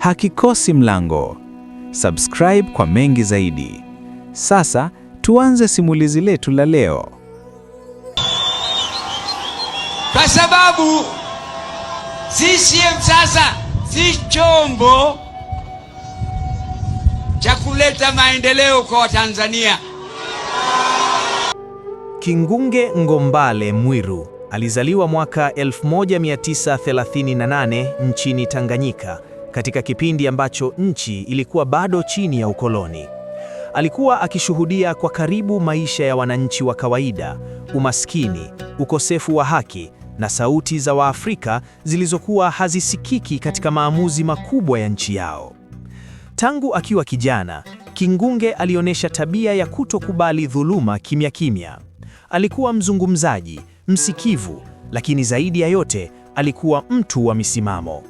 hakikosi mlango. Subscribe kwa mengi zaidi. Sasa tuanze simulizi letu la leo. Kwa sababu CCM sasa si chombo cha kuleta maendeleo kwa Watanzania. Kingunge Ngombale Mwiru alizaliwa mwaka 1938 nchini Tanganyika katika kipindi ambacho nchi ilikuwa bado chini ya ukoloni. Alikuwa akishuhudia kwa karibu maisha ya wananchi wa kawaida, umaskini, ukosefu wa haki na sauti za Waafrika zilizokuwa hazisikiki katika maamuzi makubwa ya nchi yao. Tangu akiwa kijana, Kingunge alionyesha tabia ya kutokubali dhuluma kimya kimya. Alikuwa mzungumzaji, msikivu, lakini zaidi ya yote alikuwa mtu wa misimamo.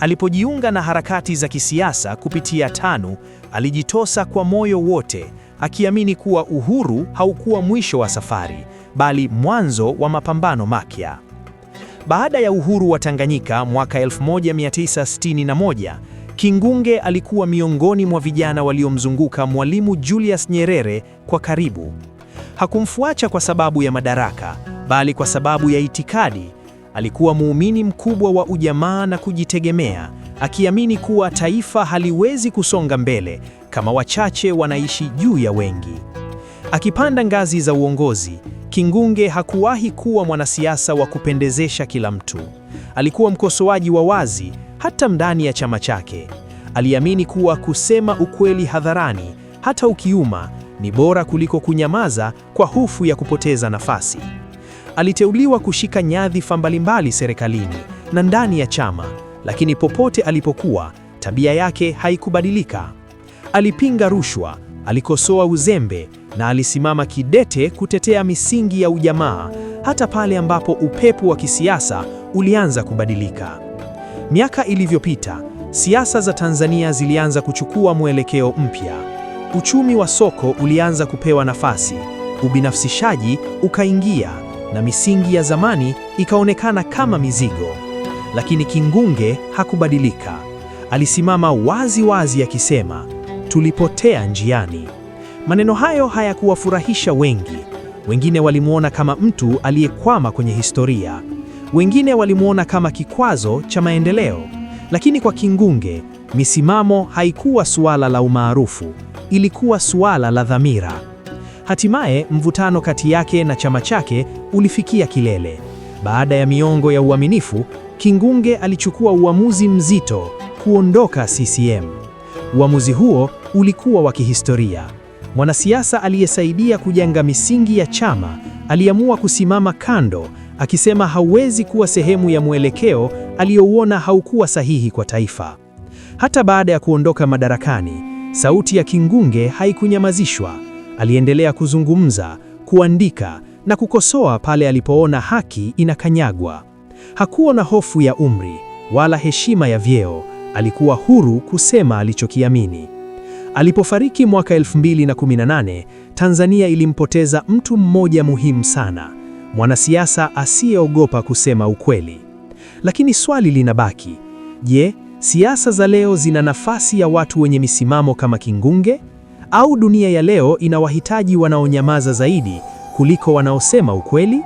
Alipojiunga na harakati za kisiasa kupitia TANU, alijitosa kwa moyo wote, akiamini kuwa uhuru haukuwa mwisho wa safari, bali mwanzo wa mapambano mapya. Baada ya uhuru wa Tanganyika mwaka 1961, Kingunge alikuwa miongoni mwa vijana waliomzunguka Mwalimu Julius Nyerere kwa karibu. Hakumfuacha kwa sababu ya madaraka, bali kwa sababu ya itikadi Alikuwa muumini mkubwa wa ujamaa na kujitegemea, akiamini kuwa taifa haliwezi kusonga mbele kama wachache wanaishi juu ya wengi. Akipanda ngazi za uongozi, Kingunge hakuwahi kuwa mwanasiasa wa kupendezesha kila mtu. Alikuwa mkosoaji wa wazi hata ndani ya chama chake. Aliamini kuwa kusema ukweli hadharani, hata ukiuma, ni bora kuliko kunyamaza kwa hofu ya kupoteza nafasi. Aliteuliwa kushika nyadhifa mbalimbali serikalini na ndani ya chama, lakini popote alipokuwa, tabia yake haikubadilika. Alipinga rushwa, alikosoa uzembe na alisimama kidete kutetea misingi ya ujamaa hata pale ambapo upepo wa kisiasa ulianza kubadilika. Miaka ilivyopita, siasa za Tanzania zilianza kuchukua mwelekeo mpya. Uchumi wa soko ulianza kupewa nafasi, ubinafsishaji ukaingia na misingi ya zamani ikaonekana kama mizigo. Lakini Kingunge hakubadilika. Alisimama wazi wazi akisema, tulipotea njiani. Maneno hayo hayakuwafurahisha wengi. Wengine walimwona kama mtu aliyekwama kwenye historia, wengine walimwona kama kikwazo cha maendeleo. Lakini kwa Kingunge, misimamo haikuwa suala la umaarufu, ilikuwa suala la dhamira. Hatimaye mvutano kati yake na chama chake ulifikia kilele. Baada ya miongo ya uaminifu, Kingunge alichukua uamuzi mzito, kuondoka CCM. Uamuzi huo ulikuwa wa kihistoria. Mwanasiasa aliyesaidia kujenga misingi ya chama aliamua kusimama kando, akisema hauwezi kuwa sehemu ya mwelekeo aliyouona haukuwa sahihi kwa taifa. Hata baada ya kuondoka madarakani, sauti ya Kingunge haikunyamazishwa. Aliendelea kuzungumza, kuandika na kukosoa pale alipoona haki inakanyagwa. Hakuwa na hofu ya umri wala heshima ya vyeo, alikuwa huru kusema alichokiamini. Alipofariki mwaka 2018, Tanzania ilimpoteza mtu mmoja muhimu sana, mwanasiasa asiyeogopa kusema ukweli. Lakini swali linabaki. Je, siasa za leo zina nafasi ya watu wenye misimamo kama Kingunge? Au dunia ya leo inawahitaji wanaonyamaza zaidi kuliko wanaosema ukweli?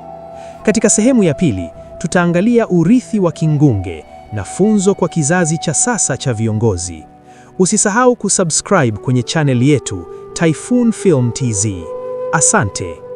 Katika sehemu ya pili tutaangalia urithi wa Kingunge na funzo kwa kizazi cha sasa cha viongozi. Usisahau kusubscribe kwenye chaneli yetu Typhoon Film TZ. Asante.